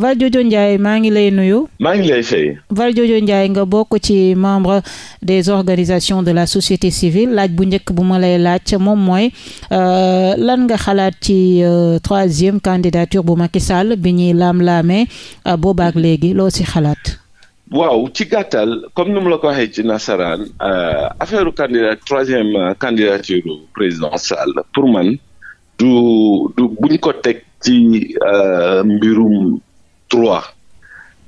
Valdiodio Ndiaye maa ngi lay nuyu. maa ngi lay fay. Valdiodio Ndiaye nga bokk ci membre des organisations de la société civile laaj bu njëkk bu ma lay laaj moom mooy euh, lan nga xalaat ci euh, troisième candidature bu Macky Sall bi ñuy laam-laamee euh, boobaak léegi loo si xalaat. waaw ci gàttal comme ni mu la ko waxee ci nasaraan affaire candidat troisième candidature président Sall pour man du du buñ ko teg ci mbirum. droit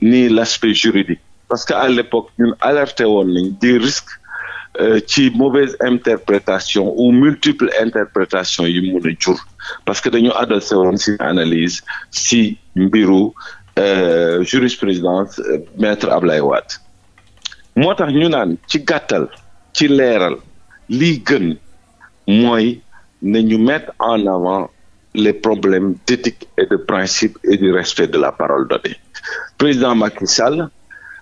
ni l'aspect juridique parce que à l'époque ñun alerté woon nañ des euh, ci mauvaise interprétation ou multiple interprétation yi mun a jur parce que dañu adressé woon si analyse si mbiru euh, jurisprudence euh, maître Ablaye Wade moo tax ñu naan ci gàttal ci leeral lii gën mooy nañu mettre en avant les problèmes d'éthique et de du respect de la parole donnée président Macky Sall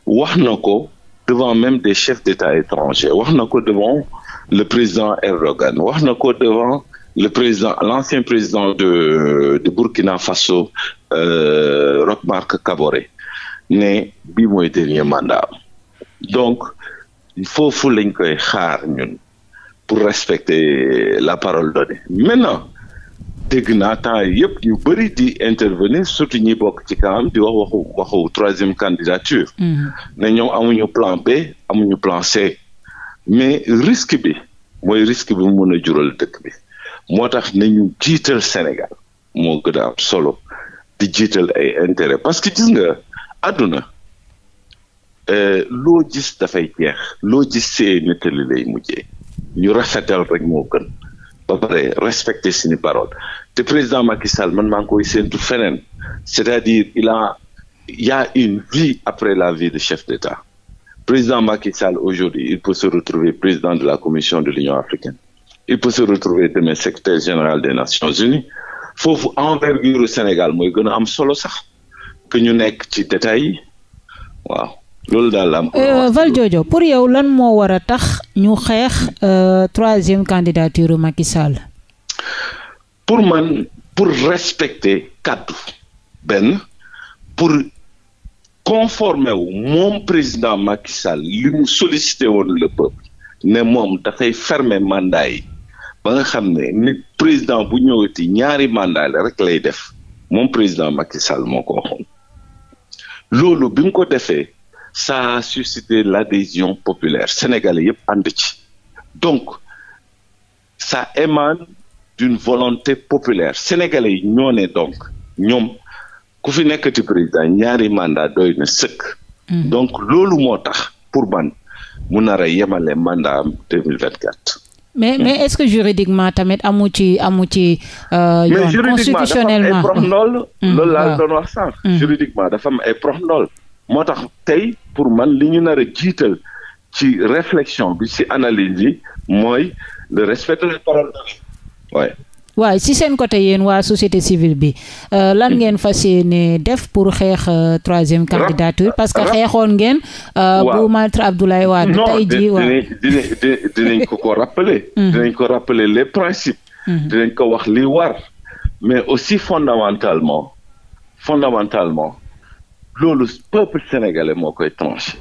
wax na ko devant même des chefs d'État étrangers wax na ko devant le président Erdogan wax na ko devant le président l'ancien président de de Burkina Faso euh, Roch-Marc Kaboré ne bii mooy dernier mandat donc foofu lañ koy xaar pour respecter la parole donnée maintenant dégg naa temps yëpp ñu bëri di intervenir surtout ñi bokk ci kanam di wax waxu waxu troisième candidature mm-hmm. ne ñoom amuñu plan B amuñu plan C mais risque bi mooy risque bi mu mën a jural dëkk bi moo tax nañu jiital Sénégal moo gën a am solo di jiital ay intérêt parce que gis nga àdduna euh, loo gis dafay jeex loo gis see nettali lay mujjee ñu rafetal rek moo gën ba pare respecter suñu parole te président Macky Sall man maa ngi koy séntu feneen c'est-à-dire il a il y a une vie après la vie de chef d'État président Macky Sall aujourd'hui il peut se retrouver président de la commission de l'Union africaine il peut se retrouver demain secrétaire général des Nations Unies foofu envergure Sénégal mooy gën a am solo sax que ñu nekk ci détails yi loolu daal la am. Euh, pour yow lan moo war a tax ñu xeex euh, troisième candidature Macky Sall. pour man pour respecter kaddu benn pour conformer wu moom président Macky Sall li mu sollicité woon le peuple ne moom dafay fermer mandat yi ba nga xam ne nit président bu ñëwati ñaari mandat la rek lay def moom président Macky Sall moo ko waxoon loolu bi ko defee. ça a suscité l'adhésion populaire sénégalais yëpp ànd ci donc sa émane d'une volonté populaire sénégalais yi ñoo ne donc ñoom ku fi nekk ci président ñaari mandat doy na sëkk mm. donc loolu moo tax pour man mu nara a yemale mandat am 2024 mais mais est-ce que juridiquement tamit amu ci amu ci euh, yoon constitutionnellement mais juridiquement dafa prox ndool loolu laa doon wax juridiquement dafa am ay prox ndool mm. moo tax tey pour man li ñu nar jiital ci réflexion bi ci analyse yi mooy le respect la parole waaye si seen côté yéen waa société civile bi euh, lan ngeen fas yéene def pour xeex euh, troisième candidature parce que xeexoon ngeen euh, bu Maître Abdoulaye Wade tey ji waaw dinañ dinañ ko ko rappeler mhm. dinañ ko rappeler les principes mhm. dinañ ko wax li war mais aussi fondamentalement fondamentalement loolu peuple sénégalais moo koy tranché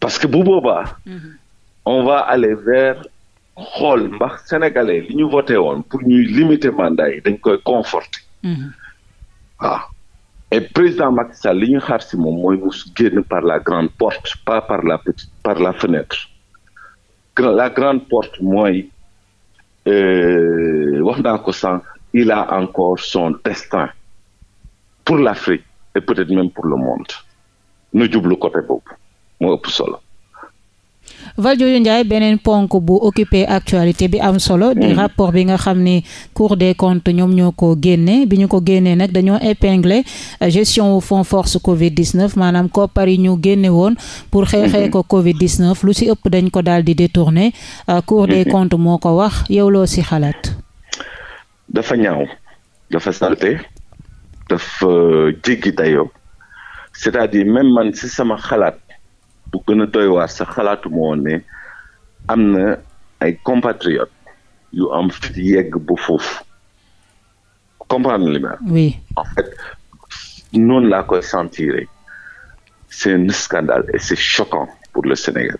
parce que bu boobaa. Mhm. on va aller vers xool mbax sénégalais li ñu voté woon pour ñuy limiter mandat yi dañ koy conforter. Mhm. waaw et président Macky Sall li ñu xaar si moom mooy mu par la grande porte pas par la petite par la fenêtre la grande porte mooy euh, wax naa ko sànq il a encore son destin pour l'Afrique et peut-être beneen ponk bu occupé actualité bi am solo. di hmm. bi nga xam ni Cour des comptes ñoom ñoo ko génne bi ñu ko génnee nag dañoo épinglé gestion wu fonds force Covid 19 maanaam koppar yi ñu génne woon pour xeexee hmm. ko Covid lu si ëpp dañ ko daal di détourné. Euh, Cour des hmm. comptes moo ko wax yow loo si xalaat. dafa ñaaw dafa salté dafa euh, jéggi dayoo cest à man si sama xalaat bu gën a doy waar sa xalaatu moo ne am na ay compatriotes yu am fit bu ba foofu comprendre li ma oui en fait noonu laa koy sentir c'est un scandale et c'est choquant pour le Sénégal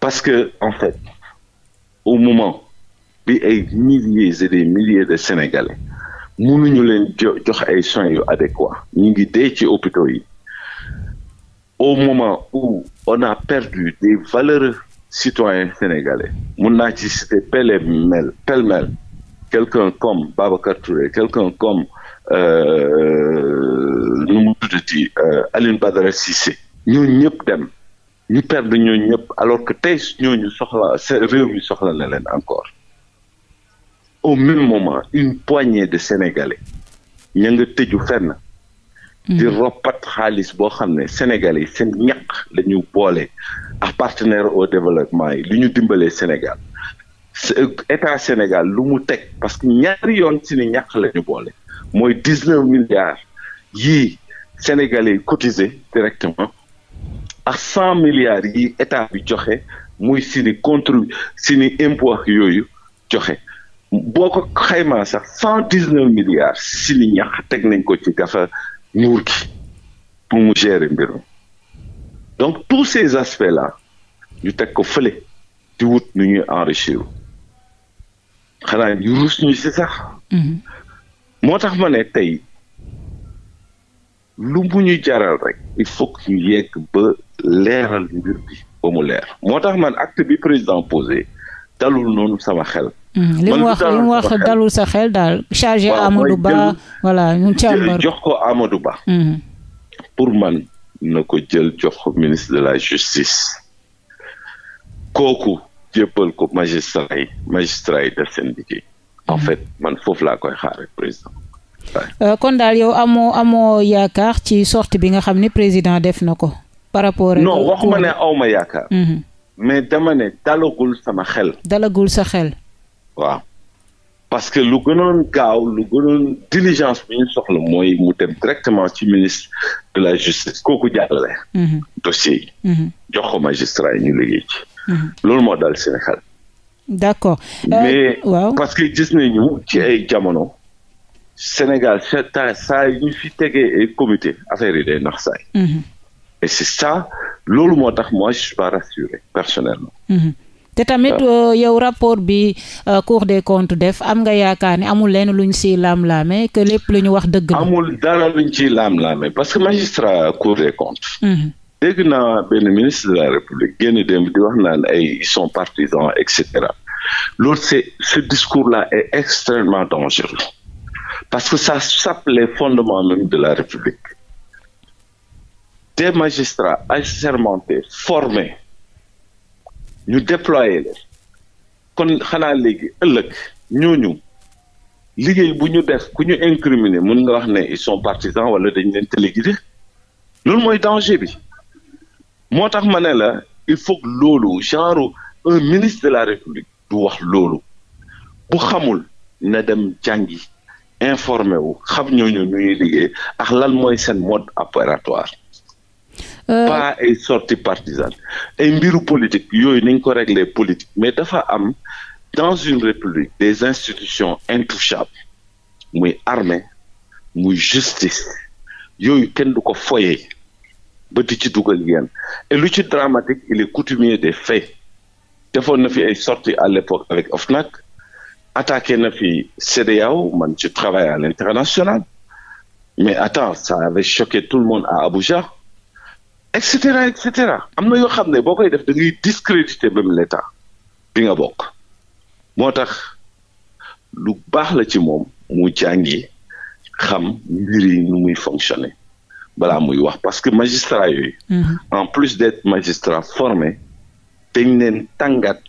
parce que en fait au moment bi ay milliers et des milliers de Sénégalais ñu leen jox ay soins yu adéquats ñu ngi dee ci hôpitaux yi au moment où on a perdu des valeureux citoyens sénégalais mun naa ci citer pêle-mêle pêle-mêle quelqu'un comme Babacar Touré quelqu'un comme euh, nu mu tuddati euh, Alioune Badara Cissé ñooñu ñëpp dem ñu perdre ñooñu ñëpp alors que tey ñooñu soxla réew mi soxla na leen encore au même moment une poignée de sénégalais ña nga tëju fenn. di mhm. roppat xaalis boo xam ne sénégalais yi seen ñaq la ñu boole ak partenaire au développement yi lu ñu dimbalee Sénégal état Sénégal lu mu teg parce que ñaari yoon ci ni ñaq la ñu boole mooy dix neuf milliards yii sénégalais yi cotisé directement ak cent milliards yi état bi joxe mooy si ni contribu si yooyu joxe. boo ko xaymaa sax cent dix neuf milliards si li ñax teg nañ ko ci gafa nguur gi pour mu gérer mbir mi donc tous ces aspects la ñu teg ko fële di wut nu ñuy enrichir xanaa ñu ruus ñu si sax mhm. moo tax ma ne tey lu mu ñuy jaral rek il faut que ñu yegg ba leeral mbir bi ba mu leer moo tax man acte bi président posé dalul noonu sama xel Mm-hmm. li mu wax li mu wax dalul sa xel daal chargé Amadou Ba voilà ñu càmbar jox ko Amadou Ba mm-hmm. pour man na ko jël jox ko ministre de la justice kooku jébbal ko magistrat yi magistrat en mm-hmm. fait man foofu laa koy xaare président euh, kon daal yow amoo amoo yaakaar ci sortie bi nga xam ni président def na ko par rapport wax ma ne awma yaakaar mais dama ne dalagul sama xel dalagul sa xel waaw parce que lu gënoon gaaw lu gënoon diligence bi ñu soxla mooy mu dem directement ci ministre de la justice kooku jàllale mhm. dossier yi mhm. jox ko magistrat ñu liggéey ci mhm. loolu moo dal Sénégal d'accord euh, mais waaw parce que gis nañu ci ay jamono Sénégal saa saa yi ñu fi tege ay comité affaire y day nax et c'est ça loolu moo tax moi je suis personnellement te tamit ah. euh, yow rapport bi euh, Cour des comptes def am nga yaakaar ne amul leen luñ siy laam-laame que lépp lu ñu wax dëgg la. amul dara ci ciy laam-laame parce que magistrat Cour des comptes. Mm-hmm. dégg naa benn ministre de la République génn démb di wax naan ay ils sont partisans et cetera loolu c'est ce discours-là est extrêmement dangereux parce que ça sape les fondements même de la République des magistrats assermentés formés ñu déployer kon xanaa léegi ëllëg ñooñu liggéey bu ñu def ku ñu incriminer mën nga wax ne ils sont partisans wala dañ leen téléguidé loolu mooy danger bi moo tax ma ne la il faut loolu genre un ministre de la république du wax loolu bu xamul na dem jàngi informé wu xam ñooñu ñuy liggéey ak lan mooy seen mode opératoire Euh, pas ay sortie partisane ay mbiru politique yooyu nañ ko régler politique mais dafa am dans une république des institutions intouchables muy armée muy justice yooyu kenn du ko foyee ba di ci dugal yenn et lu ci dramatique il est coutumier des faits defoon na fi ay sorti à l'époque avec OFNAC attaqué na fi CEDEAO man je travaille à l'international mais attends ça avait choqué tout le monde à Abuja et cetera am na yoo xam ne boo koy def da ngay discréditer même l'état bi nga bokk moo tax lu baax la ci moom mu jàngi xam mbir yi nu muy fonctionner balaa muy wax parce que magistrat yooyu mm-hmm. en plus d'être magistrat formé dañ leen tàngaat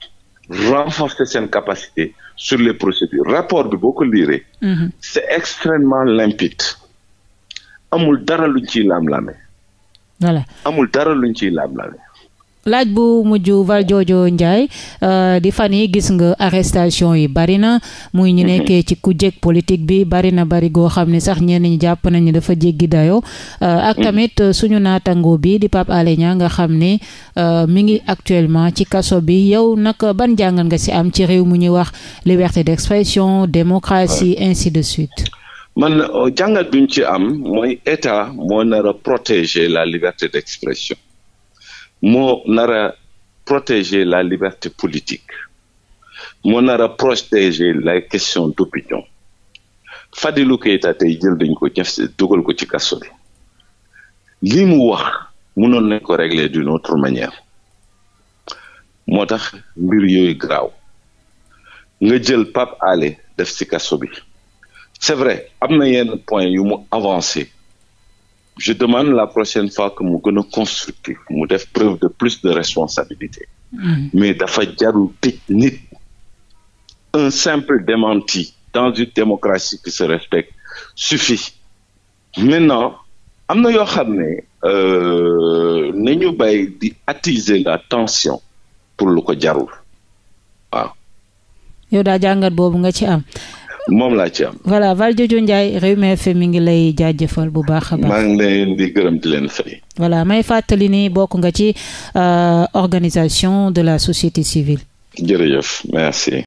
renforcer seen capacité sur les procédures rapport bi boo ko liiree mm-hmm. c'est extrêmement limpide amul dara luñ ci laam-laame voilà amul dara luñ ciy laam-laame laaj bu mujj Valdiodio Ndiaye euh, di fan yi gis nga arrestation yi bari na muy ñu mhm. nekkee ci ku jég politique bi bari na bari goo xam ne sax ñenn ñi jàpp nañu dafa jéggi dayoo euh, ak mhm. tamit mm -hmm. suñu naatangoo bi di Pape Alé nga xam ne euh, mi ngi actuellement ci kaso bi yow nag ban jàngal nga si am ci réew mu ñuy wax liberté d'expression démocratie ouais. ainsi de suite man euh, jàngat bi ci am mooy état moo nar protéger la liberté d'expression moo nara a protéger la liberté politique moo nar a protéger la question d'opinion Fadilou Keita tey jël dañ ko jëf dugal ko ci kaso bi lii mu wax mënoon nañ ko régler d'une autre manière moo tax mbir yooyu graaw nga jël Pape Alé def ci kaso bi c'est vrai am na yenn point yu mu avancé je demande la prochaine fois que mu gën a constructif mu def preuve de plus de responsabilité mmh. mais dafa jarul tëj nit un simple démenti dans une démocratie qui se respecte suffit maintenant am na yoo xam ne euh, nañu bàyyi di attiser la tension pour lu ko jarul waaw daa jàngat boobu nga ci am moom laa ci am. voilà Valdiodio Ndiaye Rewmi FM mi ngi lay jaajëfal bu baax a maa ngi leen di gërëm di leen voilà may fàttali ni bokk nga ci euh, organisation de la société civile. jërëjëf merci.